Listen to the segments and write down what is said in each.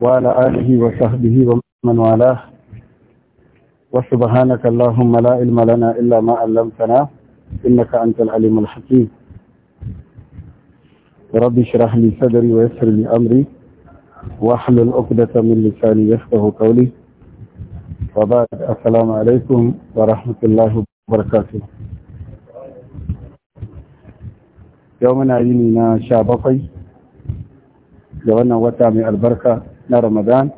وعلى آله وصحبه ومن والاه وسبحانك اللهم لا علم لنا إلا ما علمتنا إنك أنت العليم الحكيم رب اشرح لي صدري ويسر لي أمري واحلل عقدة من لساني يفقه قولي وبعد السلام عليكم ورحمة الله وبركاته يومنا يلينا شابقي لو أن وتعمي البركة na Ramadan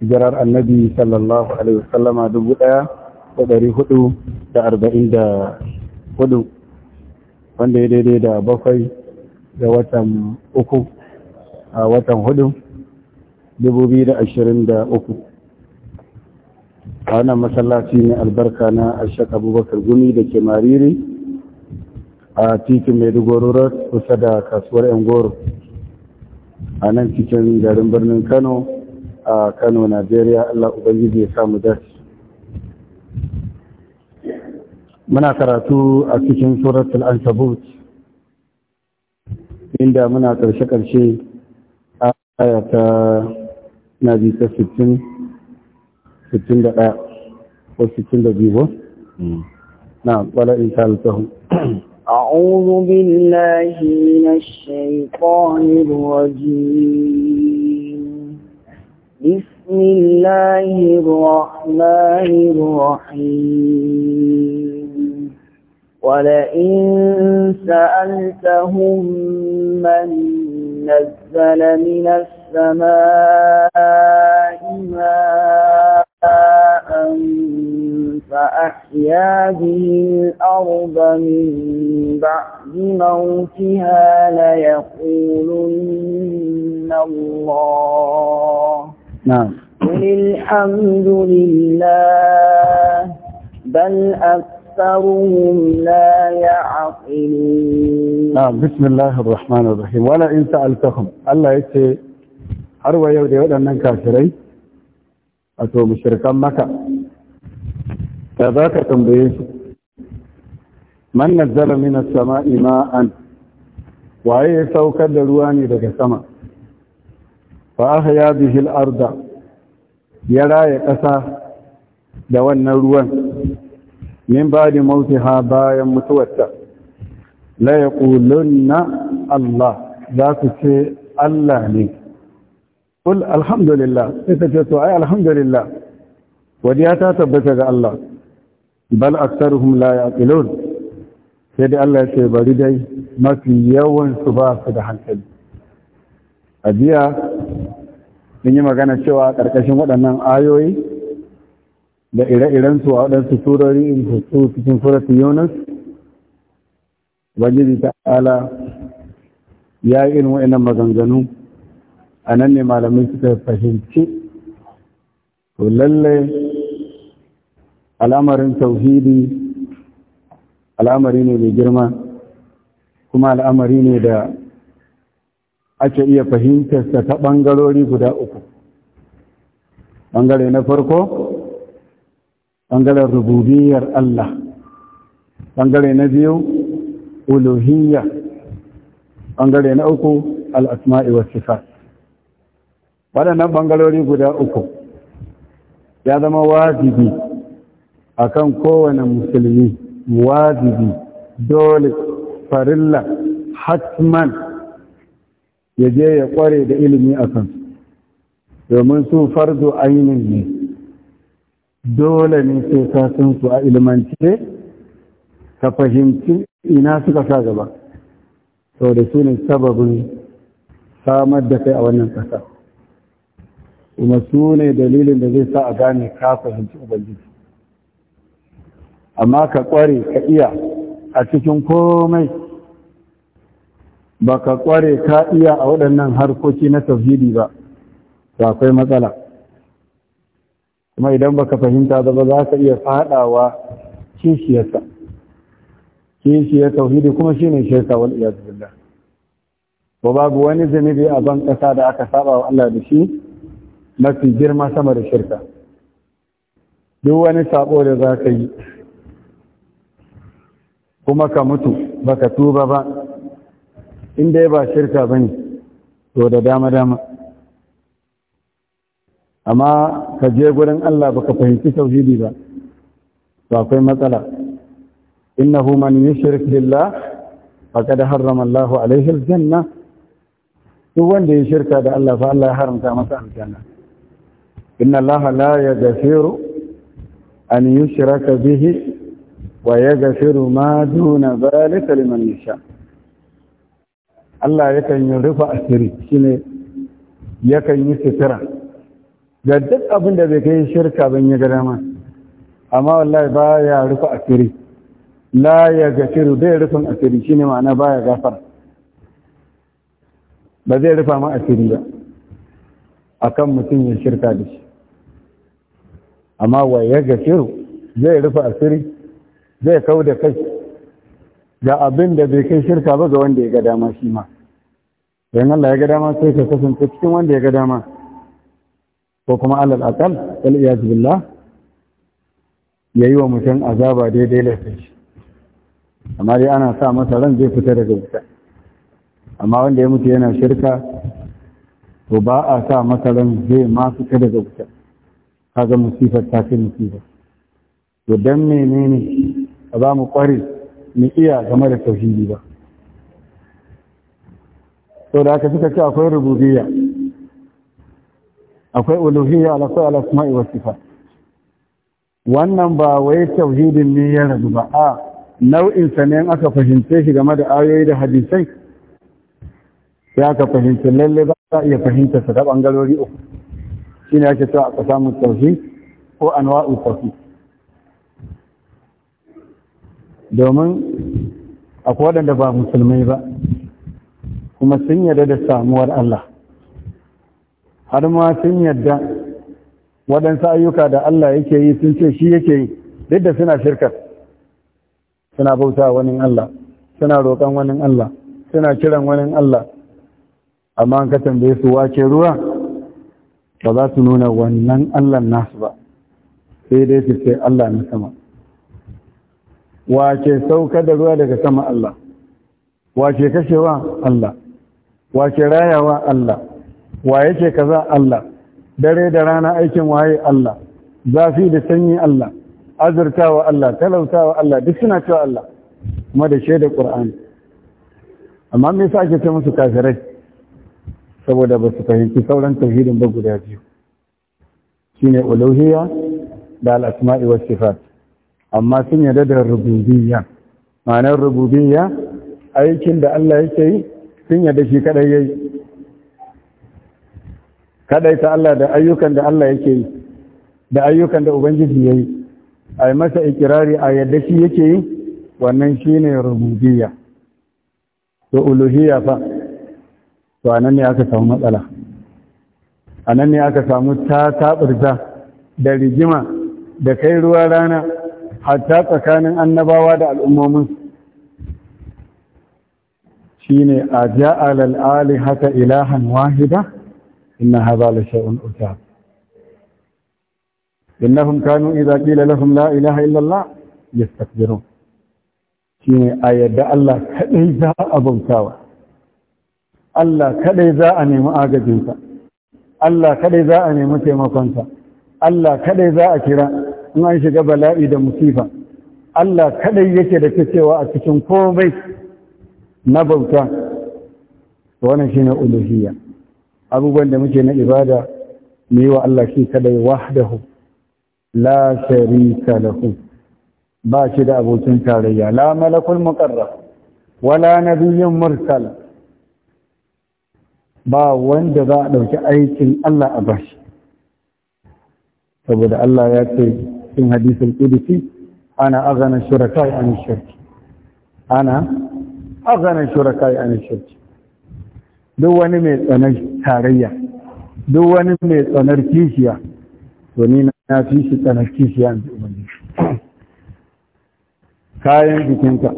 jirar annabi sallallahu alaihi wasallama dubu ɗaya da ɗari hudu da arba'in da hudu wanda ya daidai da bakwai da watan uku a watan hudu dubu biyu da ashirin da uku a wannan masallaci ne albarka na ashek abubakar gumi da ke mariri a titin maiduguri road kusa da kasuwar yan goro a nan cikin garin birnin kano a kano najeriya allah ubangiji ya samu dace muna karatu a cikin suratul ankabut inda muna karshe-karshe a aya ta nabi ta 61 ko 62 hmm. na wala in ta أعوذ بالله من الشيطان الرجيم بسم الله الرحمن الرحيم ولئن سألتهم من نزل من السماء ماء فأحيا به الأرض من بعد موتها ليقولن الله نعم قل الحمد لله بل أكثرهم لا يعقلون نعم بسم الله الرحمن الرحيم ولا إن سألتهم الله يتي أروى يودي ودى أنك كافرين a to mushrikan maka da za ka tambaye su man na min as-sama'i waye ya saukar da ruwa ne daga sama fa ahya bihi al-arda ya raya ƙasa da wannan ruwan min ba'di mautiha bayan mutuwarta la na Allah za su ce Allah ne kul alhamdulillah sai ta ce to ai alhamdulillah wadiya ta tabbata ga Allah bal aktsaruhum la yaqilun sai dai Allah ya ce bari dai mafi yawan su ba su da hankali a jiya sun yi magana cewa ƙarƙashin waɗannan ayoyi da ire-irensu a waɗansu surori in su cikin suratu yunus ubangiji ta'ala ya yi irin waɗannan maganganu a nan ne malamai suka fahimci to lalle al'amarin tauhidi al'amari ne mai girma kuma al'amari ne da ake iya fahimtarsa ta ɓangarori guda uku ɓangare na farko ɓangaren rububiyar Allah ɓangare na biyu uluhiyya ɓangare na uku al'asma'i wasu sifat waɗannan bangarori guda uku ya zama wajibi kan kowane musulmi wajibi dole farilla hatman ya je ya ƙware da ilimi a kan domin su farzo ainihin ne dole ne sai ka san su a ilimance ka fahimci ina suka sa gaba sau da su ne sababin samar da kai a wannan ƙasa kuma su ne dalilin da zai sa a gane ka fahimci ubangiji amma ka kware ka iya a cikin komai ba ka kware ka iya a waɗannan harkoki na tafhidi ba ba akwai matsala kuma idan ba ka fahimta ba za ka iya faɗawa kishiyarsa kishiyar tauhidi kuma shi shine shirka wal iyad billah ba babu wani zanibi a ban ƙasa da aka saba wa Allah da shi mafi girma sama da shirka duk wani sabo da za ka yi kuma ka mutu baka tuba ba inda dai ba shirka ba ne to da dama-dama amma ka je gurin Allah baka fahimci tauhidi ba to akwai matsala innahu man yushrik billah faqad harrama Allah alaihi aljanna duk wanda ya shirka da Allah fa Allah ya haramta masa aljanna inna allaha la yaghfiru an yushraka bihi wa yaghfiru ma duna zalika liman yasha Allah yakan yi rufa asiri shi shine yakan yi sutura ga duk abin da bai kai shirka ban yi ga dama amma wallahi ba ya rufa asiri la ya gafiru bai rufin asiri shi ne ma'ana ba ya gafar ba zai rufa ma asiri ba a kan mutum ya shirka da shi amma waye gashiru? zai rufe asiri zai kau da kai ga abin da bai kai shirka ba ga wanda ya ga dama shi ma don Allah ya ga dama sai ka kasance cikin wanda ya ga dama ko kuma alal aqal wal iyaz billah yayi wa mutum azaba daidai laifin shi amma dai ana sa masa ran zai fita daga wuta amma wanda ya mutu yana shirka to ba a sa masa ran zai ma fita daga wuta kaga musifar ta fi musifar to dan menene ba za mu kware mu iya game da tauhidi ba to da aka suka ce akwai rububiyya akwai uluhiyya ala sai ala asma'i wa sifat wannan ba wai tauhidin ne ya rabu ba a nau'in sa ne aka fahimce shi game da ayoyi da hadisai sai aka fahimci lalle ba za a iya fahimta sa ta bangarori uku shi ne ake cewa a mu tafi ko wa'u tafi domin akwai waɗanda ba musulmai ba kuma sun yarda da samuwar Allah har ma sun yarda waɗansu ayyuka da Allah yake yi sun ce shi yake yi duk da suna shirkar suna bauta wani Allah suna roƙon wani Allah suna kiran wani Allah amma an ka tambaye su wace ruwa ba za su nuna wannan Allah nasu ba sai dai su ce Allah na sama wace sauka da ruwa daga sama Allah wace kashewa Allah wace rayawa Allah wa ce kaza Allah dare da rana aikin waye Allah zafi da sanyi Allah azurtawa Allah talautawa Allah duk suna cewa Allah kuma da shaidar Qur'ani amma me yasa ake ce musu kafirai saboda ba su fahimci sauran tauhidin ba guda biyu shine uluhiyya da al-asma'i was sifat amma sun yarda da rububiyya ma'anar rububiyya aikin da Allah yake yi sun yarda shi kadai yayi kadai ta Allah da ayyukan da Allah yake yi da ayyukan da ubangiji yayi ai masa ikirari a yadda shi yake yi wannan shine rububiyya to uluhiyya fa to a nan ne aka samu matsala a nan ne aka samu ta taɓurza da rigima da kai ruwa rana hatta tsakanin annabawa da al'ummomin shi ne a ja'al al'ali haka ilahan wahida inna haza la sha'un uta innahum kanu idza qila lahum la ilaha illa allah yastakbirun ne a yadda Allah kadai za a bautawa Allah kadai za a nemi agajinsa Allah kadai za a nemi taimakonsa Allah kaɗai za a kira in an shiga bala'i da musifa Allah kaɗai yake da cewa a cikin komai na bauta wannan na uluhiyya abubuwan da muke na ibada mu yi wa Allah shi kadai wahdahu la sharika lahu ba shi da abokin tarayya la malakul muƙarra. wala nabiyyun mursal ba wanda za a ɗauki aikin Allah a bashi saboda Allah ya ce cikin hadisun qudsi ana azana shurakai an shirki ana azana shurakai an shirki duk wani mai tsanar tarayya duk wani mai tsanar kishiya to ni na fi shi tsanar kishiya in umarni kayan jikinka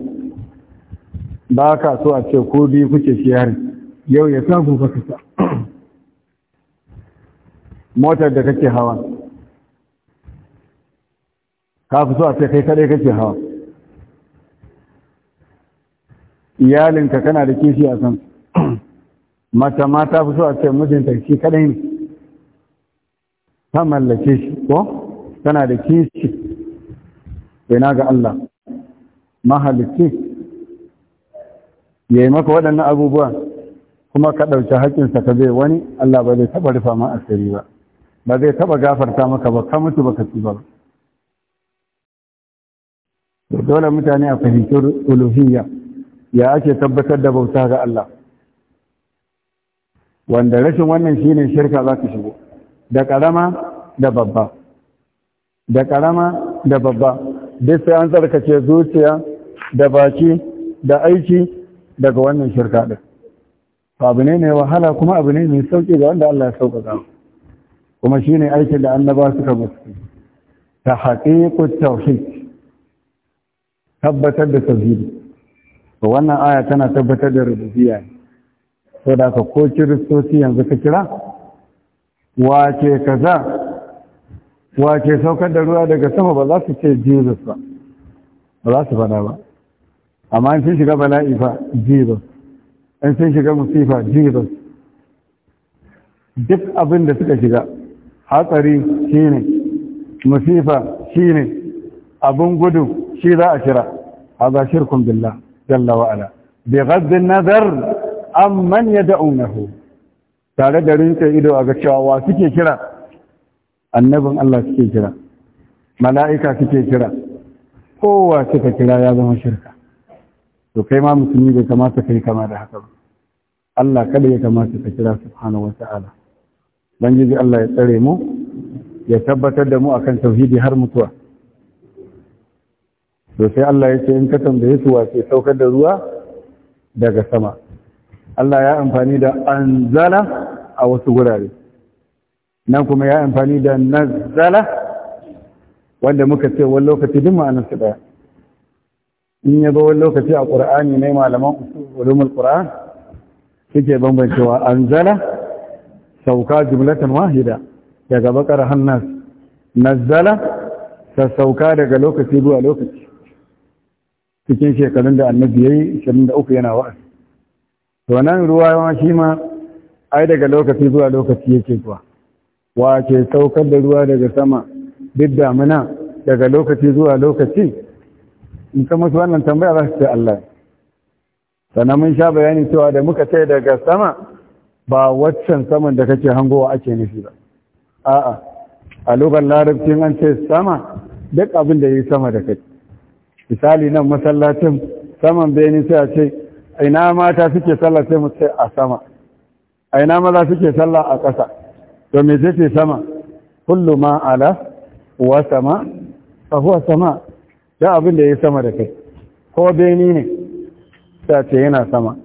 ba ka so a ce ko biyu kuke shi harin yau ya sa gobe ka sa motar da kake hawa ka fi so a kai kadai kake hawa iyalinka kana da kishi a san mata ma ta fi so a ce mijinta shi kadai ne ta mallake shi ko tana da kishi ina ga Allah mahalicci ya yi maka waɗannan abubuwa kuma ka ɗauki haƙƙinsa ka zai wani Allah ba zai taɓa rufa ma asiri ba ba zai taɓa gafarta maka ba ka mutu ba ka ci ba dole mutane a fahimci uluhiyya ya ake tabbatar da bauta ga Allah wanda rashin wannan shine shirka za ka shigo da ƙarama da babba da ƙarama da babba duk sai an tsarkace zuciya da baki da aiki daga wannan shirka ɗin abu ne mai wahala kuma abu ne mai sauƙi ga wanda Allah ya sauƙaƙa kuma shi ne aikin da annaba suka musu ta haƙiƙu hit. tabbatar da tauhidi to wannan aya tana tabbatar da rububiyya so da ka ko kiristoci yanzu ka kira wace kaza wace saukar da ruwa daga sama ba za su ce jesus ba ba za su faɗa ba amma in sun shiga bala'i fa jesus in sun shiga musifa jesus duk abin da suka shiga hatsari ne musifa shi ne abin gudu shi za a a za shirkun billah jalla bai ala bi an nazar amman yad'unahu tare da rinse ido a ga cewa suke kira annabin Allah suke kira mala'ika suke kira kowa suka kira ya zama shirka to kai ma musulmi bai kamata kai kama da haka ba Allah kada ya kamata ka kira subhanahu wa wata'ala ubangiji Allah ya tsare mu ya tabbatar da mu akan tauhidi har mutuwa to sai Allah ya ce in ka tambaye su wace saukar da ruwa daga sama Allah ya amfani da anzala a wasu gurare nan kuma ya amfani da nazala wanda muka ce wani lokaci duk ma'anar su in ya zo wani lokaci a ƙur'ani ne malaman ulumul ƙur'an suke bambancewa zala sauka jumlatan wahida daga bakar hannas zala ta sauka daga lokaci zuwa lokaci cikin shekarun da annabi da 23 yana wa'azi to nan ruwa ma shi ma ai daga lokaci zuwa lokaci yake zuwa wa ke saukar da ruwa daga sama duk damina daga lokaci zuwa lokaci in ka musu wannan tambaya za su ce Allah sannan mun sha bayani cewa da muka ce daga sama ba waccan saman da kake hangowa ake nufi ba a'a a lokacin larabcin an ce sama duk abin da ya yi sama da kai misali nan masallacin saman bene sai a ce aina mata suke sallah sai mu ce a sama aina maza suke sallah a ƙasa to me zai ce sama kullu ma ala wa sama fa huwa sama ya abin da ya sama da kai ko beni ne ta ce yana sama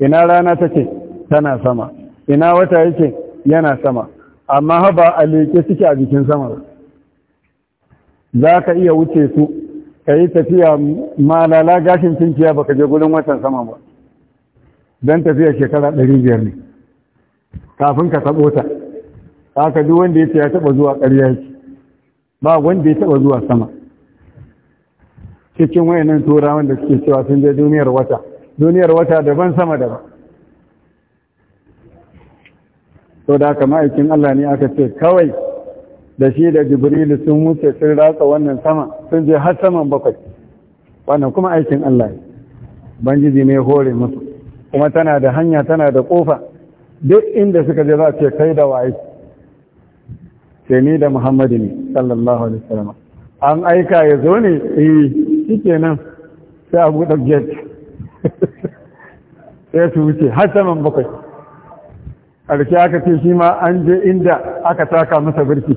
ina rana ta ce tana sama ina wata yake yana sama amma haba a leke suke a jikin sama ba za ka iya wuce su ka yi tafiya malala gashin cinciya ka je gudun watan sama ba don tafiya shekara ɗari biyar ne kafin ka taɓo ta haka duk wanda ya ce ya taɓa zuwa ƙarya yake ba wanda ya taba zuwa sama cikin wayannan turawan da suke cewa sun je duniyar wata duniyar wata daban sama daban to da ma'aikin Allah ne aka ce kawai da shi da jibrilu sun wuce sun ratsa wannan sama sun je har saman bakwai wannan kuma aikin Allah ne banjiji ne hore musu kuma tana da hanya tana da kofa duk inda suka je za ce kai da waye sai ni da muhammadu ne sallallahu alaihi wasallam an aika ya zo ne eh nan? sai abu da get sai su wuce har saman bakwai ƙarshe aka ce shi ma an je inda aka taka masa birki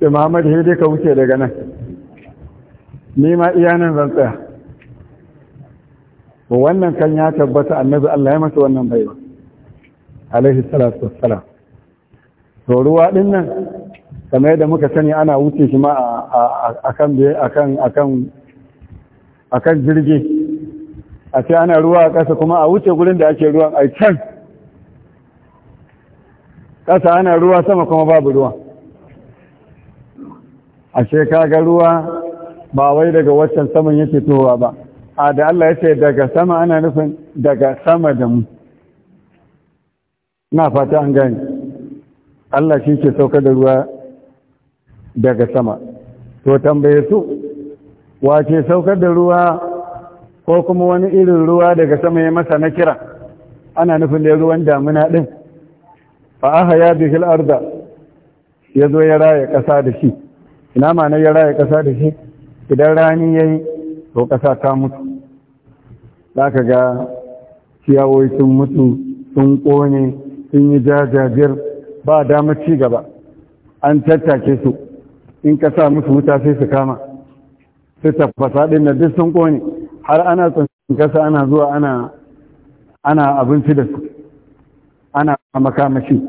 sai muhammadu sai dai ka wuce daga nan ni ma iya nan zan tsaya wannan kan ya tabbata annabi Allah ya masa wannan baiwa alaihi salatu wassalam to ruwa din nan kamar yadda muka sani ana wuce shi ma a kan jirgi a ce ana ruwa a ƙasa kuma a wuce gurin da ake ruwan a can ƙasa ana ruwa sama kuma babu ruwa a kaga ruwa ba wai daga waccan saman yake towa ba a da Allah ya ce daga sama ana nufin daga sama da mu na fata an gani Allah shi ke sauka da ruwa daga sama to tambaye su wace saukar da ruwa ko kuma wani irin ruwa daga sama ya masa na kira ana nufin da ruwan damina din fa aha ya bihil arda ya zo ya raya ƙasa da shi ina ma na ya raya ƙasa da shi idan rani ya yi to ƙasa ta mutu za ka ga ciyawoyi sun mutu sun ƙone sun yi jajajir ba damar ci gaba an tattake su in ka sa musu wuta sai su kama su tafasa ɗin na duk sun ƙone har ana kasa ana zuwa ana abinci da su ana makamashi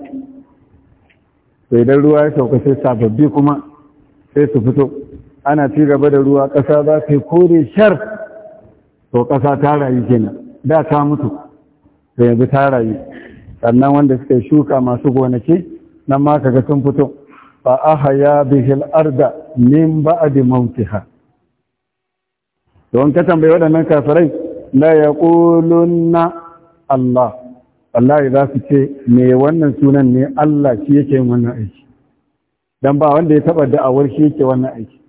sai dan ruwa ya sauka sai sababbi kuma sai su fito ana ci gaba da ruwa ƙasa za ta kore shar to ƙasa ta rayu kenan da ta mutu da yanzu ta rayu sannan wanda suka shuka masu gonaki nan ma kaga sun fito fa ahya bihil arda min ba'di mautiha don ka tambaye waɗannan kafirai la yaquluna Allah wallahi za su ce me wannan sunan ne Allah shi yake yin wannan aiki dan ba wanda ya taba da'awar shi yake wannan aiki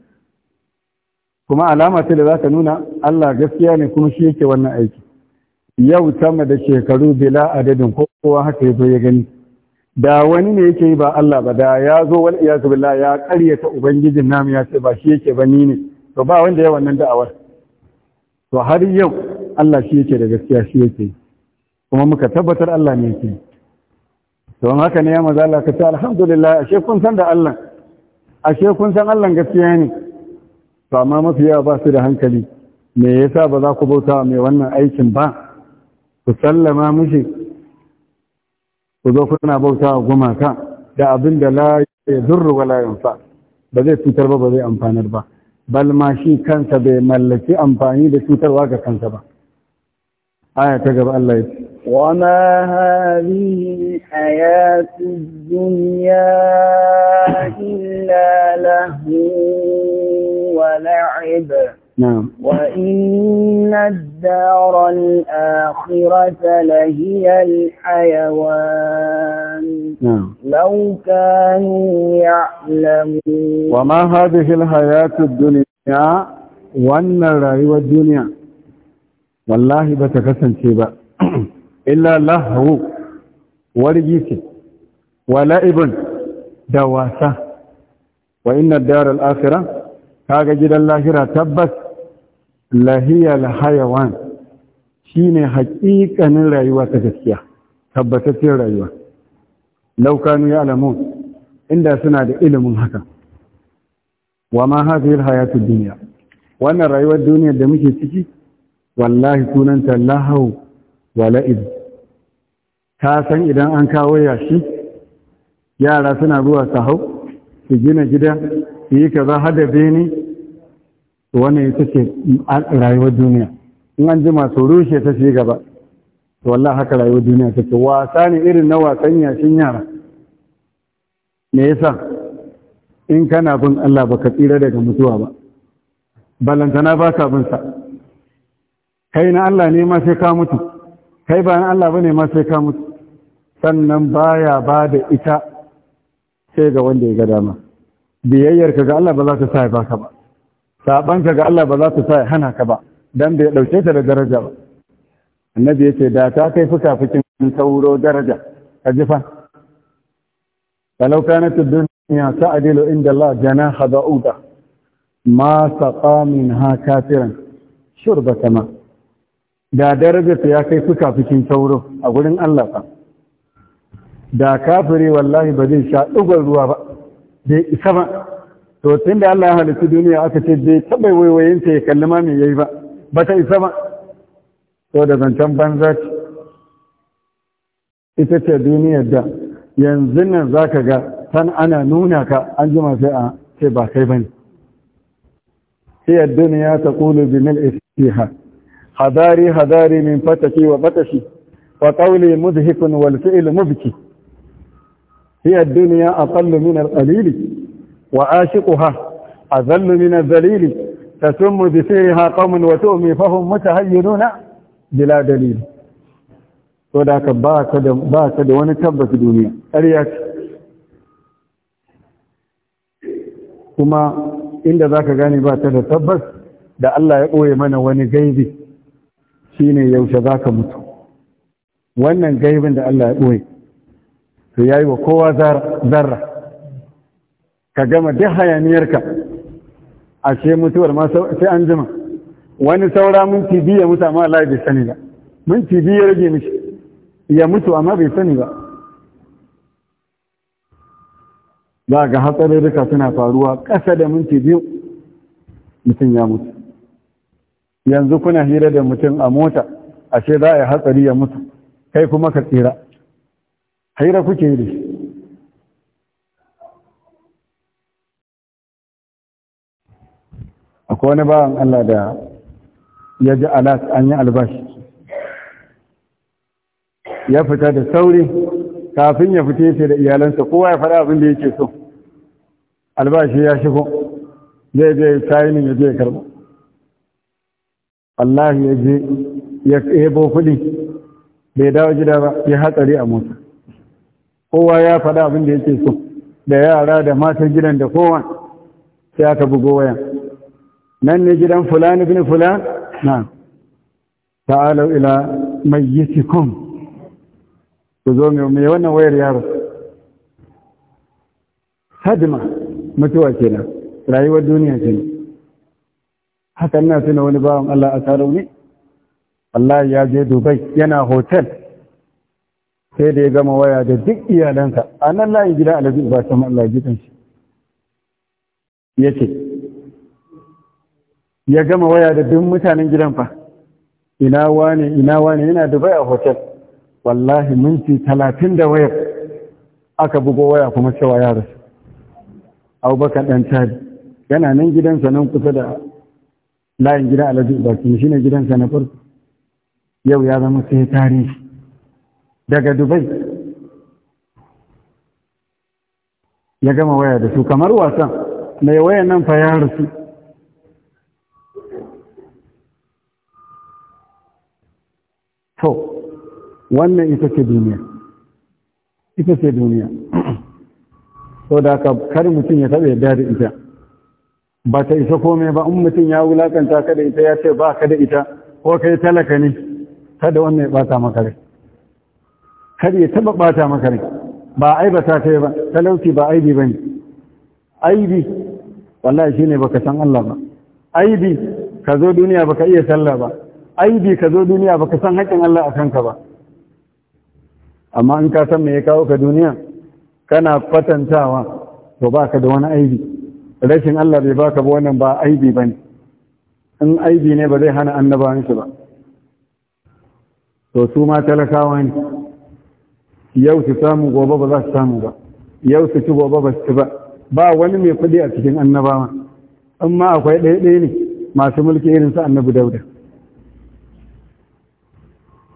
kuma alama ce da za ka nuna Allah gaskiya ne kuma shi yake wannan aiki yau sama da shekaru bila adadin kowa haka yazo ya gani da wani ne yake yi ba Allah ba da ya zo wal iyazu billah ya karyata ubangijin namu ya ce ba shi yake ba ni ne to ba wanda ya wannan da'awar to har yau Allah shi yake da gaskiya shi yake kuma muka tabbatar Allah ne yake to an haka ne ya maza Allah ka ce alhamdulillah ashe kun san da Allah ashe kun san Allah gaskiya ne to amma mafi yawa ba su da hankali me yasa ba za ku bauta mai wannan aikin ba ku sallama mishi ku zo kuna bauta wa gumaka da abin da la ya zurru wa la yanfa ba zai cutar ba ba zai amfanar ba bal ma shi kansa bai mallaki amfani da cutarwa ga kansa ba aya ta gaba Allah ya ce وما hayatu dunya illa lahu wa ولعب نعم وإن الدار الآخرة لهي الحيوان نعم لو كانوا يعلمون وما هذه الحياة الدنيا وأن الرأي الدنيا والله بتكسن شيبا إلا لهو ورجيس ولعب دواسة وإن الدار الآخرة كاجد الله تبت lahiyal hayawan ne haƙiƙanin rayuwa ta gaskiya tabbataccen rayuwa laukanu ya alamun inda suna da ilimin haka wa ma hazihil hayatu duniya wannan rayuwar duniya da muke ciki wallahi sunanta lahau wa la'id ka san idan an kawo yashi yara suna zuwa su hau su gina gida su yi kaza hada bene wannan ita ce rayuwar duniya in an ji masu rushe ta shi gaba to wallahi haka rayuwar duniya ce wasa ne irin na wasan yashin yara me yasa in kana bin Allah baka tsira daga mutuwa ba balantana ba ka bin sa kai na Allah ne ma sai ka mutu kai ba na Allah bane ma sai ka mutu sannan baya ba da ita sai ga wanda ya ga dama biyayyar ka ga Allah ba za ta sa ya baka ba sabanka ga Allah ba za ta sa hana ka ba dan bai ɗauke ta da daraja ba annabi yace da ta kai fuka fukin sauro daraja ka ji fa falau kanat ad-dunya sa'dilu inda Allah janaha da. ma saqa minha kafiran shurbata ma da darajarta ya kai fuka fukin sauro a gurin Allah fa da kafiri wallahi ba zai sha dugar ruwa ba zai isa ba to tun da Allah ya halittu duniya aka ce bai taɓa waiwayin ta ya kalli ma mai yayi ba ba ta isa ba to da zancen banza ce ita ce duniyar da yanzu nan za ka ga san ana nuna ka an ji sai a ce ba kai ba ne siyar duniya ta kulu bi mil istiha hadari hadari min fataki wa fatashi wa qawli mudhikun wal fi'l mubki hiya duniya aqallu min al وعاشقها أذل من الذليل تسم بسيرها قوم وتؤمي فهم متهينون بلا دليل وذاك باك باك دون في دنيا أريك kuma inda zaka gane ba ta da tabbas da Allah ya ɓoye mana wani gaibi ne yaushe zaka mutu wannan gaibin da Allah ya ɓoye to yayi wa kowa zarra ka gama duk hayaniyarka ashe mutuwar ma sai an jima wani saura mun biyu ya mutu amma Allah bai sani ba Mun biyu ya rage mishi ya mutu amma bai sani ba za ga hatsarurruka suna faruwa ƙasa da minti biyu mutum ya mutu yanzu kuna hira da mutum a mota ashe za a yi hatsari ya mutu kai kuma ka tsira hira kuke yi da shi ko wani bawan Allah da ya ji alas an yi albashi ya fita da sauri kafin ya fita yake da iyalansa kowa ya faɗa abin da yake so albashi ya shigo zai je sayinin ya je karɓa Allah ya je ya ebo kuɗi bai dawo gida ba ya hatsari a mota kowa ya faɗa abin da yake so da yara da matan gidan da kowa sai aka bugo wayan nan ne gidan fulan ibn fulan na ta'alu ila mayyitikum ku zo mai wannan wayar yaro hadima mutuwa kenan rayuwar duniya ce haka na tuna wani bawan Allah a tsaro ne Allah ya je Dubai yana hotel sai da ya gama waya da duk iyalansa a nan layin gida alaji ba sama Allah gidan shi ya ce ya gama waya da duk mutanen gidan fa ina wane ina wane yana dubai a hotel wallahi minti talatin da wayar aka bugo waya kuma cewa ya rasu abubakar dan tari yana nan gidansa nan kusa da layin gida alhaji ibrahim shi ne gidansa na farko yau ya zama sai tarihi daga dubai ya gama waya da su kamar wasan mai wayan nan fa ya rasu to wannan ita ce duniya ita ce duniya so da ka kar mutum ya taɓa yadda da ita ba ta isa komai ba in mutum ya wulakanta ka da ita ya ce ba ka da ita ko kai talaka ne kada wannan ya ɓata maka rai Kada ya taɓa ɓata maka rai ba ta kai ba talauci ba aibi ba ne aibi wallahi shine baka san Allah ba aibi ka zo duniya baka iya sallah ba aibi ka zo duniya ba ka san haƙƙin Allah a kanka ba amma in ka san me ya kawo ka duniya kana kwatantawa to ka da wani aibi rashin Allah bai baka ba wannan ba aibi ne. in aibi ne ba zai hana annabawan shi ba to su ma talakawa ne yau su samu gobe ba za su samu ba yau su ci gobe ba su ci ba ba wani mai kuɗi a cikin annabawa in ma akwai ɗaya ɗaya ne masu mulki irin su annabi dauda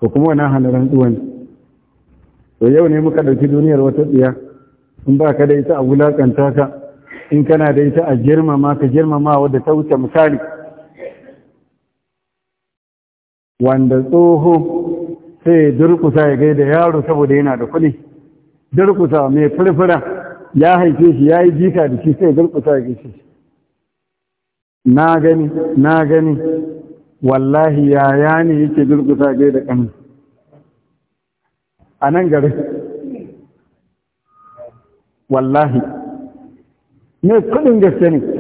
ko kuma wani hana rantsuwa ne to yau ne muka ɗauki duniyar wata tsiya in ba ka da ita a wulaƙanta ka in kana da ita a girmama ka girmama wadda ta wuce misali wanda tsoho sai durkusa ya gaida yaro saboda yana da kuɗi durkusa mai furfura ya haife shi ya yi jika da shi sai durkusa ya gaishe shi na gani na gani wallahi ya yani yake durkusa gai da ƙanin a nan gari wallahi ne kudin gaske ne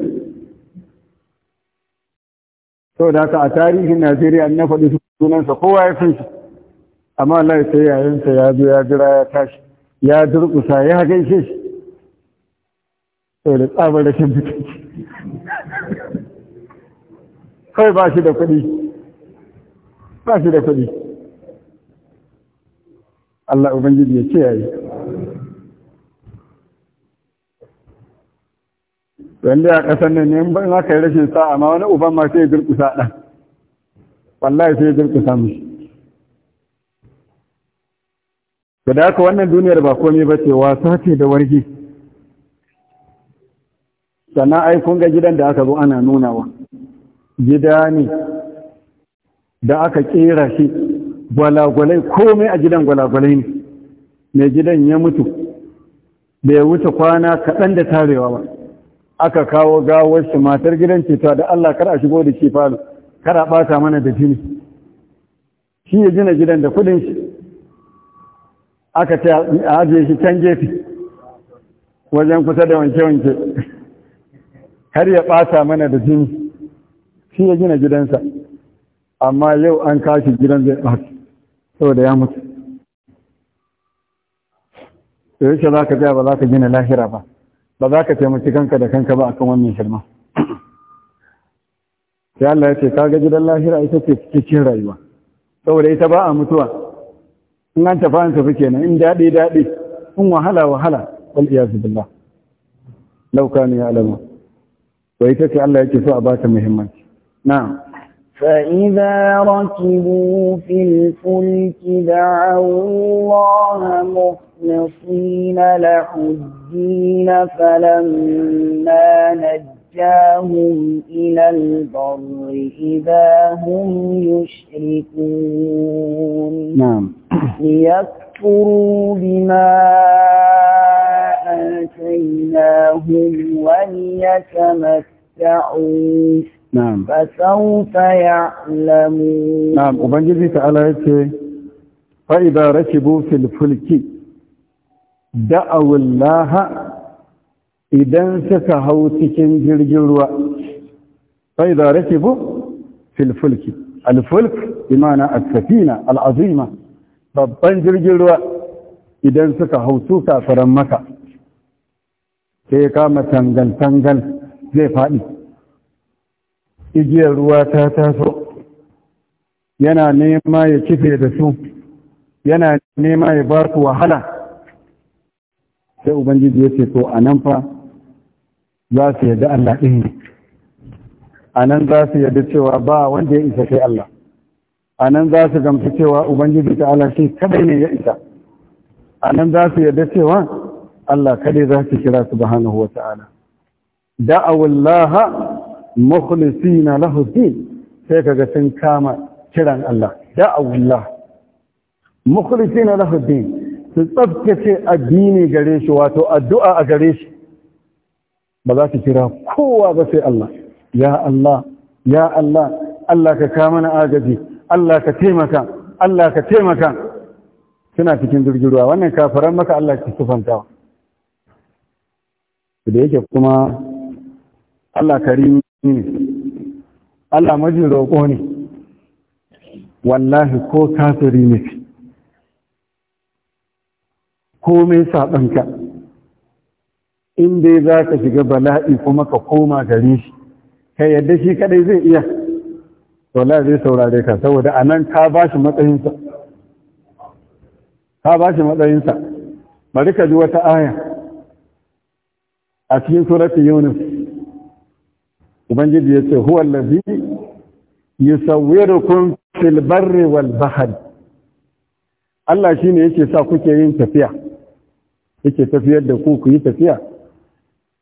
To da haka a tarihin najeriya an na faɗi sunansa kowa ya fi amma wallahi sai yayansa ya zo ya jira ya tashi ya durkusa ya gaishe shi sau da tsabar da shi kawai ba shi da kuɗi ba shi da kuɗi Allah Ubangiji ya ce yayi wanda a ƙasar nan ne ban haka yi rashin sa'a ma wani uban ma sai ya durƙusa ɗan wallahi sai ya durƙusa mishi Ka da haka wannan duniyar ba komai ba ce wasa ce da wargi sannan ai kun ga gidan da aka zo ana nunawa gida ne da aka kera shi gwalagwalai komai a gidan gwalagwalai ne mai gidan ya mutu bai wuce kwana kaɗan da tarewa ba aka kawo gawar shi matar gidan cewa da Allah kar a shigo da shi falo kar a ɓata mana da jini shi ya gina gidan da kudin shi aka ce a ajiye shi can gefe wajen kusa da wanke-wanke har ya ɓata mana da jini shi ya gina gidansa amma yau an kashi gidan zai sau da ya mutu da yake za ka tsaya ba za ka gina lahira ba ba za ka taimaki kanka da kanka ba akan wannan shirma sai Allah ya ce ka ga gidan lahira ita ce cikin rayuwa da ita ba a mutuwa in an tafa an tafi kenan in daɗi daɗi in wahala wahala wal iyazu billah law ya alama wai ita ce Allah ya ce so a ba ta muhimmanci نعم فإذا ركبوا في الفلك دعوا الله مخلصين له الدين فلما نجاهم إلى البر إذا هم يشركون نعم ليكفروا بما آتيناهم وليتمتعوا na'am fasaufa ya'lamu na'am ubangiji ta'ala yace fa idza rakibu fil fulki da'aw Allah idan suka hau cikin jirgin ruwa fa idza rakibu fil fulki al fulk bimana as-safina al-azima babban jirgin ruwa idan suka hau su faran maka sai kama tangal tangal zai faɗi igiyar ruwa ta taso yana nema ya kife da su yana nema ya ba su wahala sai ubangiji ya ce to a nan fa za su yadda Allah ɗin ne a nan za su yadda cewa ba wanda ya isa sai Allah a nan za su gamsu cewa ubangiji ta Allah shi kadai ne ya isa a nan za su yadda cewa Allah kadai za su kira su subhanahu wa ta'ala da'awullaha mukhlisina lahu din sai kaga sun kama kiran Allah ya Allah mukhlisina lahu din su tsaftace addini gare shi wato addu'a a gare shi ba za su kira kowa ba sai Allah ya Allah ya Allah Allah ka kama na agaji Allah ka taimaka Allah ka taimaka suna cikin jirgin ruwa wannan kafaran maka Allah ki sufantawa da yake kuma Allah karimi Hmm. Allah majin roƙo ne wallahi ko kafiri ne komai saɓanka in dai za ka shiga bala'i kuma ka koma gare shi ka yadda shi kaɗai zai iya wallahi zai saurare ka saboda a nan ka ba shi matsayinsa ka ba shi matsayinsa bari ka ji wata aya a cikin surat yunus ubangiji ya ce huwa yi yusawwirukum fil kun wal bahari. Allah shi shine yake sa kuke yin tafiya yake tafiyar da ku ku yi tafiya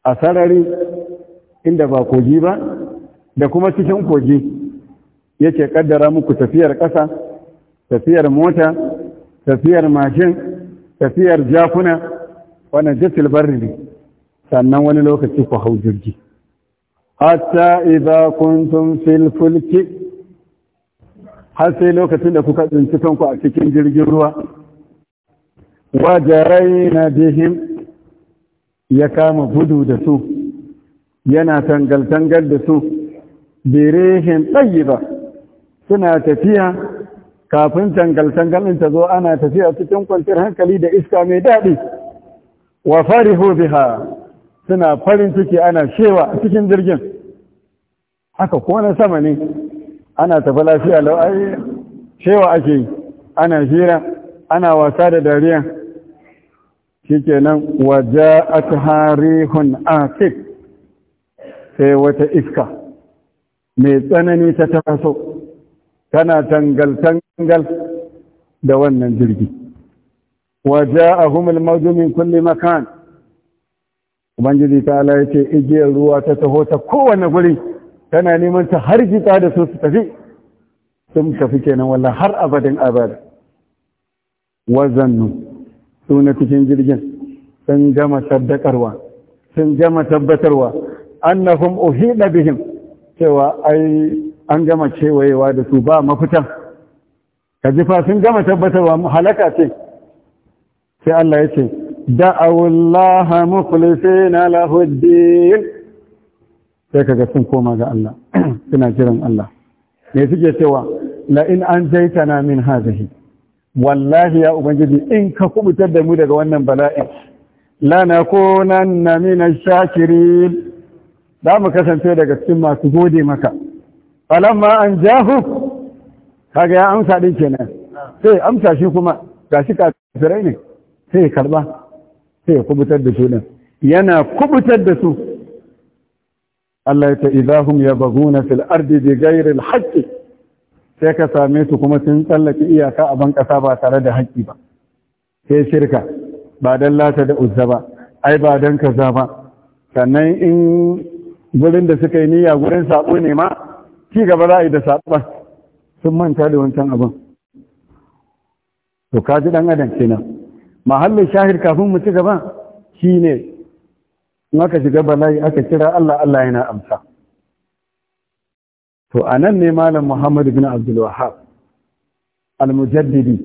a sarari inda ba kogi ba da kuma cikin kogi yake kaddara muku tafiyar ƙasa tafiyar mota tafiyar mashin tafiyar jakuna wannan jisil barri ne sannan wani lokaci ku hau jirgi hatta idza kuntum fil fulki har sai lokacin da kuka tsinci kanku a cikin jirgin ruwa wa jarayna bihim ya kama gudu da su yana tangal-tangal da su birihin ba suna tafiya kafin tangal in ta zo ana tafiya cikin kwanciyar hankali da iska mai daɗi wa farihu biha suna farin ciki ana shewa a cikin jirgin haka ko na sama ne ana tafi lafiya lau shewa ake ana hira ana wasa da dariya shikenan waja'at harihun asif sai wata iska mai tsanani ta taso tana tangal-tangal da wannan jirgi. Waje a humul mazumin kulle ubangiji ta ala ya ce igiyar ruwa ta taho ta kowane guri tana neman ta har jita da su su tafi sun tafi kenan wallah har abadin abada wazannu su cikin jirgin sun gama saddakarwa sun gama tabbatarwa annahum uhida bihim cewa ai an gama cewayewa da su ba mafita. ka jifa sun gama tabbatarwa halaka ce sai Allah ya ce da'awu Allah mukhlisina lahu ad-din sai kaga sun koma ga Allah suna kiran Allah me suke cewa la in anjaytana min hadhihi wallahi ya ubangiji in ka kubutar da mu daga wannan bala'i la nakunanna min ash-shakirin da mu kasance daga cikin masu gode maka falamma anjahu kaga ya amsa din kenan sai amsa shi kuma gashi kafirai ne sai karba sai kubutar da su nan yana kubutar da su Allah ya ta idahum baguna fil ardi ghairi al haqq sai ka same su kuma sun tsallake iyaka a ban kasa ba tare da haƙƙi ba sai shirka ba dan lata da uzza ba ai ba dan kaza ba sannan in gurin da suka yi niyya gurin sabo ne ma ci gaba za a yi da sabo sun manta da wancan abin to kaji dan adam kenan mahallin shahir kafin mu ci gaba shi ne, in aka shiga bala'i aka kira Allah Allah yana amsa to a nan ne malam Muhammad bin Abdul al-mujaddidi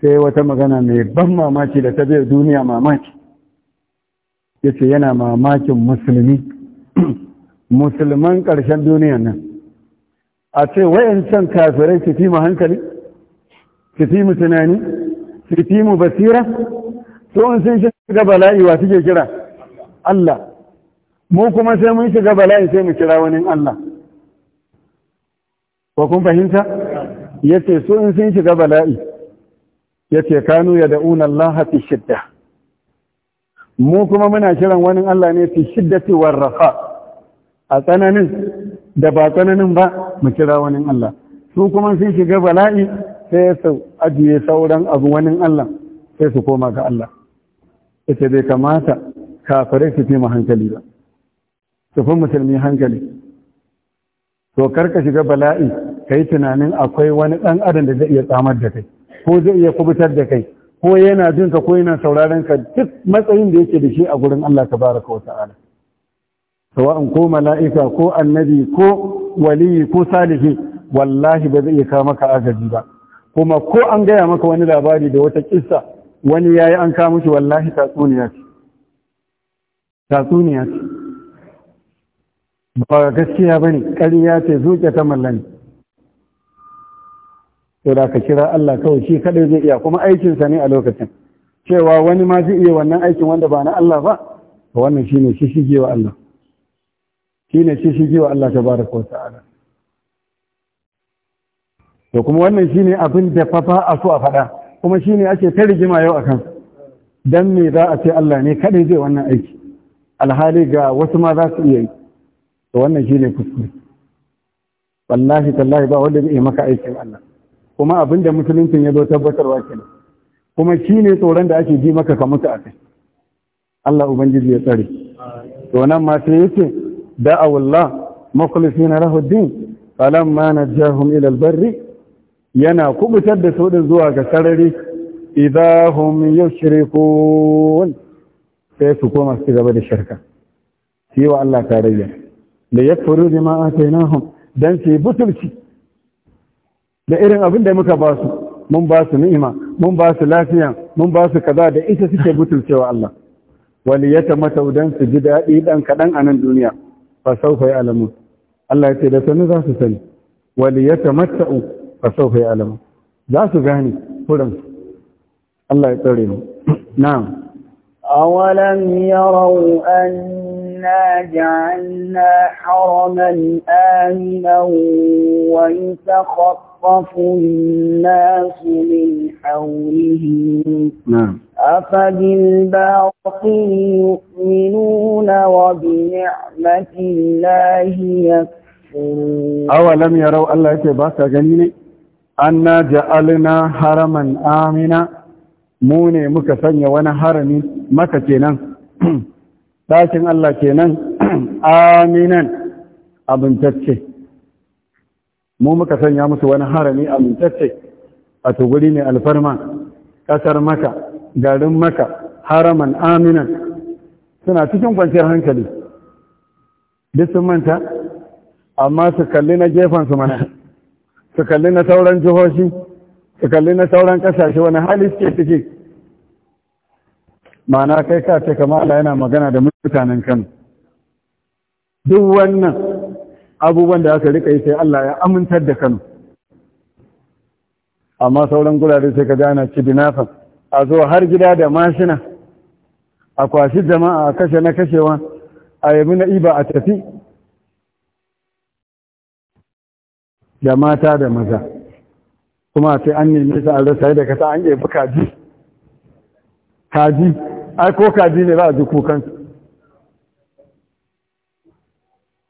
sai wata magana mai ban mamaki da ta bai duniya mamaki ya ce yana mamakin musulmi musulman ƙarshen duniya nan a ce wayancan kafirai su fi mu hankali su fi mu tunani su fi mu basira to in sun shiga bala'i wa suke kira Allah mu kuma sai mun shiga bala'i sai mu kira wani Allah ko kun fahimta yace su in sun shiga bala'i yace kanu da'una Allah fi shidda mu kuma muna kiran wani Allah ne fi shiddati war raha a tsananin da ba tsananin ba mu kira wani Allah su kuma sun shiga bala'i sai su ajiye sauran abu wani Allah sai su koma ga Allah ita bai kamata kafirai su fi mu hankali ba su fi musulmi hankali to karka shiga bala'i ka yi tunanin akwai wani ɗan adam da zai iya tsamar da kai ko zai iya kubutar da kai ko yana jin ka ko yana sauraron ka duk matsayin da yake da shi a gurin Allah baraka wa ta'ala in ko mala'ika ko annabi ko waliyi ko salihi wallahi ba zai iya kawo maka agaji ba kuma ko an gaya maka wani labari da wata kissa wani ya yi an kawo shi wallahi tatsuniya ce tatsuniya ce ba gaskiya ne ƙarya ce zuke ta mallani to da ka kira Allah kawai shi kadai zai iya kuma aikinsa ne a lokacin cewa wani ma zai iya wannan aikin wanda ba na Allah ba wannan shine shi shige wa Allah shine shi shige wa Allah tabaraka wa ta'ala to kuma wannan shine abin da fafa a so a faɗa kuma shine ake ta rigima yau akan dan me za a ce Allah ne kadai zai wannan aiki alhali ga wasu ma za su iya yi to wannan shine kuskure wallahi tallahi ba wanda zai maka aikin Allah kuma abin da musuluncin ya zo tabbatarwa kenan kuma shine tsoron da ake ji maka ka mutu a kai Allah ubangiji ya tsare to nan ma sai yace da'awullah mukhlisina lahu din falamma najahum ila ilal barri yana kubutar da su zuwa ga sarari idahum yushrikun sai su koma su gaba da shirka shi wa Allah tarayya da yakfuru bima atainahum dan su butulci da irin abin da muka ba su mun ba su ni'ima mun ba su lafiya mun ba su kaza da ita suke butulcewa Allah wani ya mata dan su ji daɗi dan kaɗan a nan duniya fa sauka ya alamu Allah ya ce da sani za su sani wani ya mata فسوف ya alamu za su الله kuransu نعم أولم يروا أنا جعلنا حرما آمنا ويتخطف الناس من حولهم نعم أفبالباطل يؤمنون وبنعمة الله يكفرون أولم يروا الله يتباكى جنيني anna ja'alna haraman amina mu ne muka sanya wani harami maka kenan ɗakin Allah kenan aminan abintacce mu muka sanya musu wani harami abintacce a tuguri ne alfarma ƙasar maka garin maka haraman aminan suna cikin kwanciyar hankali duk sun manta amma su kalli na su mana su kalli na sauran jihohi su kalli na sauran kasashe wani hali suke ciki ma'ana kai ka ce kama Allah yana magana da mutanen Kano duk wannan abubuwan da aka rika yi sai Allah ya amintar da Kano amma sauran gurare sai ka gana ci dinafa a zo har gida da mashina a kwashi jama'a a kashe na kashewa a yabi na iba a tafi da mata da maza kuma sai an nemi sa Allah rasa da kasa an yabi kaji kaji ai ko kaji ne za a ji kukan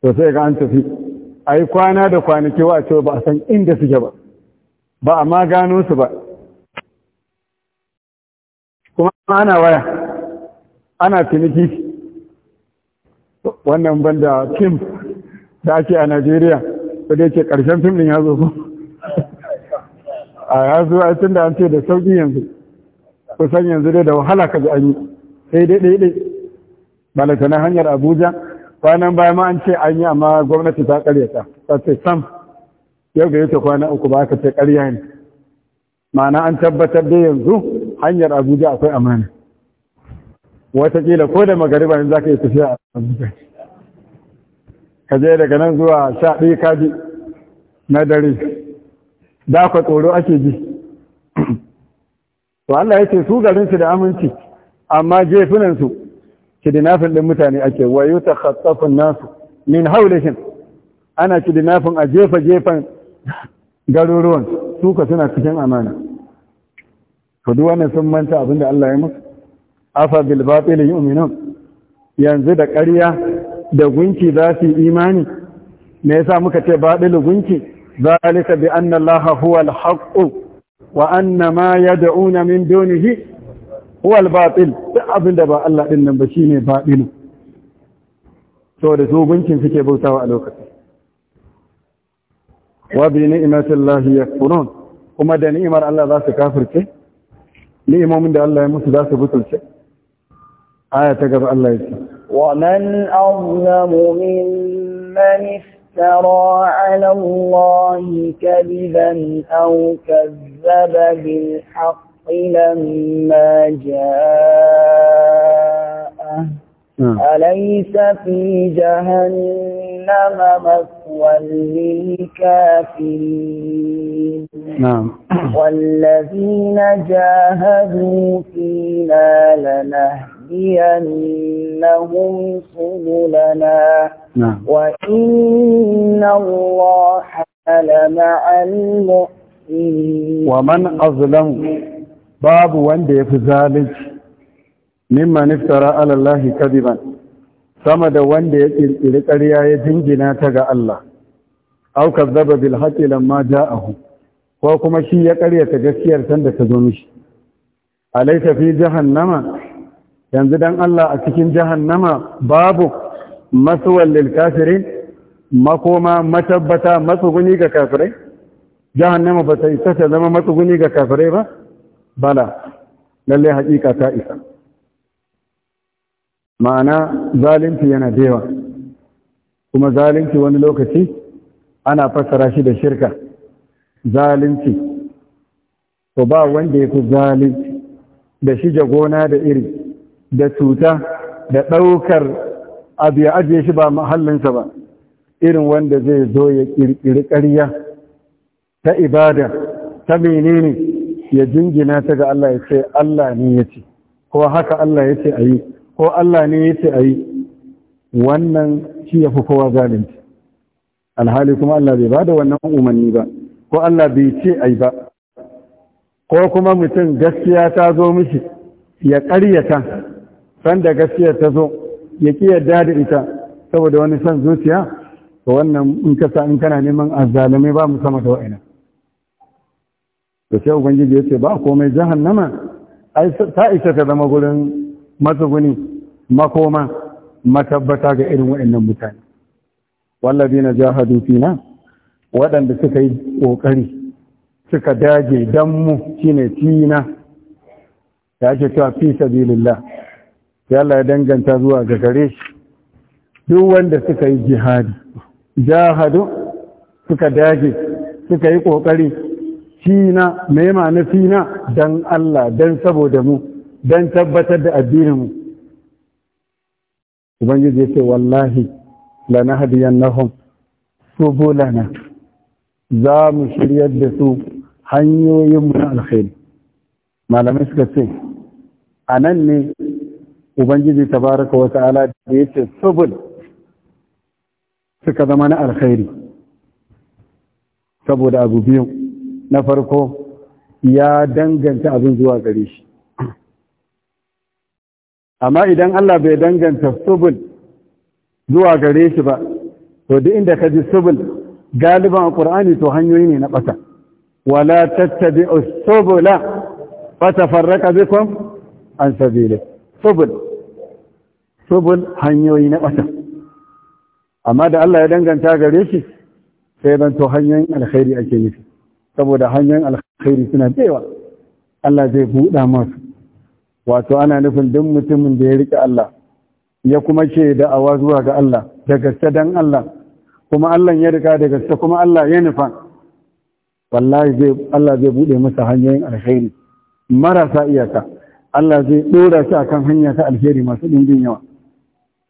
to sai ga an tafi ai kwana da kwanaki wa ce ba a san inda suke ba ba a ma gano su ba kuma ana waya ana ciniki wannan banda kim da ake a Najeriya sai dai karshen fim din ya zo ko a ya zo a tun da an ce da sauƙi yanzu kusan yanzu dai da wahala ka ji an yi sai dai dai dai balata na hanyar abuja kwanan baya ma an ce an yi amma gwamnati ta karyata ta ce sam yau ga yake kwana uku ba aka ce karya ne ma'ana an tabbatar da yanzu hanyar abuja akwai amana watakila ko da magariba yanzu za ka yi tafiya a abuja ka je daga nan zuwa sha ɗaya kaji na dare da ku tsoro ake ji to Allah ya ce su garinsu da aminci amma jefinansu kidinafin ɗin mutane ake wayo ta khatsafin nasu min haulihim ana kidinafin a jefa-jefan garuruwan suka suna cikin amana to duk wannan sun manta abinda Allah ya musu afa bil batil yu'minun yanzu da ƙarya da gunki za su imani me yasa muka ce baɗilu gunki zalika bi anna allaha huwa al-haqq wa anna ma yad'una min dunihi huwa al-batil duk abin da ba Allah din nan ba shine baɗilu to da su gunkin suke bautawa a lokacin wa bi ya yakfurun kuma da ni'imar Allah za su kafirce ni'imomin da Allah ya musu za su butulce aya ta gaba Allah ya ce ومن أظلم ممن افترى على الله كذبا أو كذب بالحق لما جاءه نعم. أليس في جهنم مثوى للكافرين نعم والذين جاهدوا فينا لنهدي لنهدينهم سبلنا وإن الله لمع المحسنين ومن أظلم باب وندي في ذلك ممن افترى على الله كذبا sama da wanda ya ƙirƙiri ƙarya ya jingina ta ga Allah, aukar zaba bil haƙi lamma ja'ahu, ko kuma shi ya ƙaryata gaskiyar sanda ta zo mishi. Alaisa fi jahannama yanzu dan Allah a cikin jahannama babu masuwal lil kafirin makoma matabbata matsuguni ga kafirai jahannama ba ta isa ta zama matsuguni ga kafirai ba bala lalle hakika ta isa ma'ana zalunci yana da yawa kuma zalunci wani lokaci ana fassara shi da shirka zalunci to ba wanda ya fi zalunci da shi gona da iri da cuta da ɗaukar abu ya ajiye shi ba mahallinsa ba irin wanda zai zo ya ƙirƙiri ƙarya ta ibada ta menene ya jingina ta ga Allah ya ce Allah ne ya ce ko haka Allah ya ce a yi ko Allah ne ya ce a yi wannan shi ya fi kowa zalunci alhali kuma Allah bai ba da wannan umarni ba ko Allah bai ce yi ba ko kuma mutum gaskiya ta zo mishi ya ƙaryata sanda gaskiya ta zo ya ki yarda da ita saboda wani san zuciya to wannan in ka sa in kana neman azzalumai ba mu sama da wa'ina to sai ubangiji ya ce ba komai jahannama ai ta isa ta zama gurin matsuguni makoma matabbata ga irin wa'annan mutane wallazina jahadu fina waɗanda suka yi ƙoƙari suka dage dan mu shine tina ya ce cewa fi sabilillah sai Allah ya danganta zuwa ga gare shi duk wanda suka yi jihadi jahadu suka dage suka yi kokari fina mai ma'ana fina dan Allah dan saboda mu dan tabbatar da addinin mu ubangiji ya ce wallahi lanahdiyannahum subulana za mu shiryar da su hanyoyin mu na alkhairi malamai suka ce a nan ne ubangiji baraka wa ta'ala da ce subul suka zama na alkhairi saboda abu biyu na farko ya danganta abin zuwa gare shi amma idan Allah bai danganta subul zuwa gare shi ba to duk inda ka ji subul galiban alqur'ani to hanyoyi ne na ɓata. wala a subula farraka bikum an sabilihi subul subul hanyoyi na ɓata amma da Allah ya danganta gare shi sai ban to hanyoyin alkhairi ake nufi saboda hanyoyin alkhairi suna da Allah zai buɗa masu wato ana nufin duk mutumin da ya riƙe Allah ya kuma ce da awa zuwa ga Allah da gaske dan Allah kuma Allah ya rika da gaske kuma Allah ya nufa wallahi zai Allah zai buɗe masa hanyoyin alkhairi marasa iyaka Allah zai ɗora shi kan hanya ta alheri masu ɗimbin yawa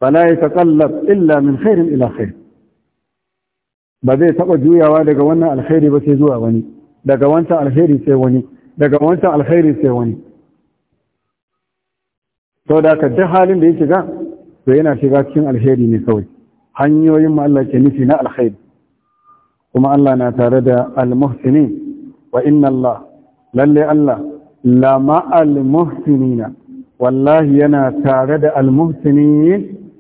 fala ya taqallab illa min khairin ila khair ba zai taɓa juyawa daga wannan alheri ba sai zuwa wani daga wancan alheri sai wani daga wancan alheri sai wani to da ka duk halin da ya shiga to yana shiga cikin alheri ne kawai hanyoyin ma Allah ke nufi na alheri kuma Allah na tare da al-muhsinin wa inna Allah lalle Allah lama al wallahi yana tare da al-muhsinin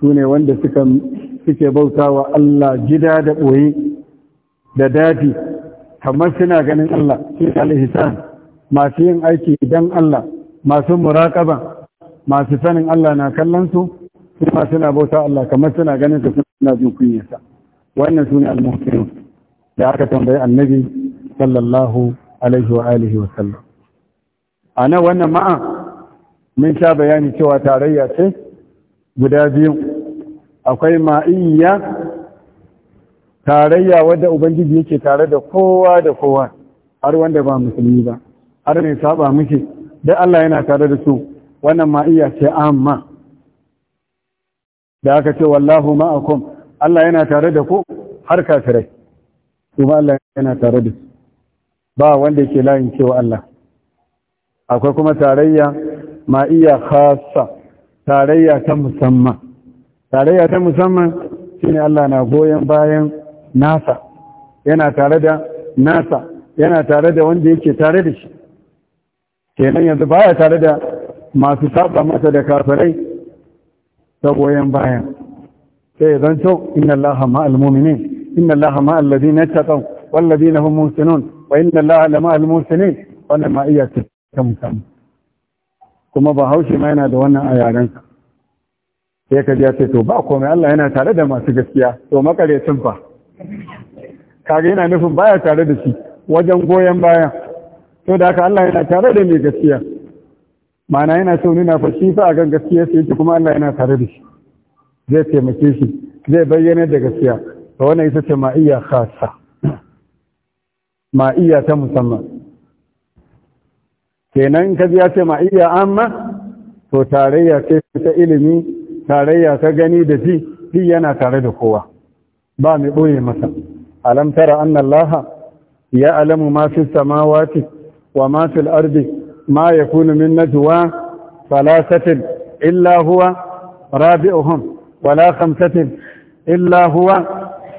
sune wanda suka suke bautawa Allah gida da ɓoye da dadi kamar suna ganin Allah shi al masu yin aiki don Allah masu muraƙaba, masu sanin Allah na kallon su kuma suna bauta Allah kamar suna ganin su suna jin kunyarsa wannan sune al-muhsinun da aka tambayi annabi sallallahu alaihi wa alihi wa sallam ana wannan ma'a mun sha bayani cewa tarayya ce guda biyu akwai ma'iyya tarayya wadda ubangiji yake tare da kowa da kowa har wanda ba musulmi ba har mai saba muke duk Allah yana tare da su wannan ma'iyya ce amma da aka ce wallahu ma'akum Allah yana tare da ku har kafirai kuma Allah yana tare da su ba wanda ke layin cewa Allah akwai kuma tarayya ma iya khassa tarayya ta musamman tarayya ta musamman shine Allah na goyon bayan nasa yana tare da nasa yana tare da wanda yake tare da shi kenan yanzu baya tare da masu saba masa da kafirai ta goyon bayan. sai ya zanto inna Allah ma'al mu'minin inna Allah ma'al ladina taqaw wal ladina hum muhsinun wa inna allaha lama al-muslimin wannan ma iya cikin musamman kuma ba haushe ma yana da wannan a yarensa sai ka ji ya ce to ba komai Allah yana tare da masu gaskiya to makarecin fa kaga yana nufin baya tare da shi wajen goyon baya to da haka Allah yana tare da mai gaskiya ma'ana yana so nuna fa shi fa akan gaskiya sai yake kuma Allah yana tare da shi zai taimake shi zai bayyana da gaskiya to wannan ita ce ma'iyya khassa ma'iyya ta musamman kenan ka ya ce ma'iyya amma to tarayya ce ta ilimi tarayya ta gani da ji ji yana tare da kowa ba mai ɓoye masa alam tara anna ya alamu ma fi samawati wa ma fil ardi ma yakunu min najwa salasatin illa huwa rabi'uhum wala khamsatin illa huwa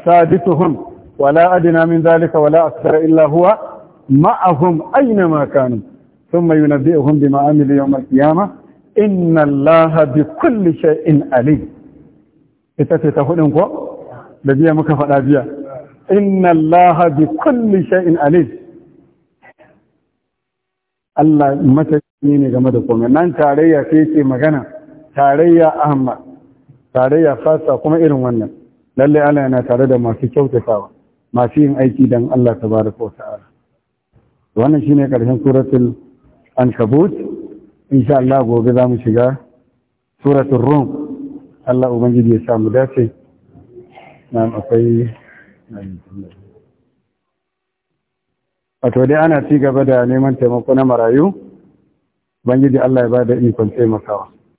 sadisuhum ولا أدنى من ذلك ولا أكثر إلا هو معهم أينما كانوا ثم ينبئهم بما أمل يوم القيامة إن الله بكل شيء أليم إتتي تقولون قوة لبيا مكفى لبيا إن الله بكل شيء أليم الله matashi ne game القوم komai nan في sai ce magana tarayya Ahmad tarayya fasa kuma irin wannan lalle Allah yana tare da masu kyautatawa masu yin aiki don Allah ta bari ko ta'ala wannan shine karshen suratul ankabut insha Allah gobe za mu shiga suratul rum Allah ubangiji ya samu dace nan akwai wato dai ana ci gaba da neman taimako na marayu ubangiji Allah ya bada ikon taimakawa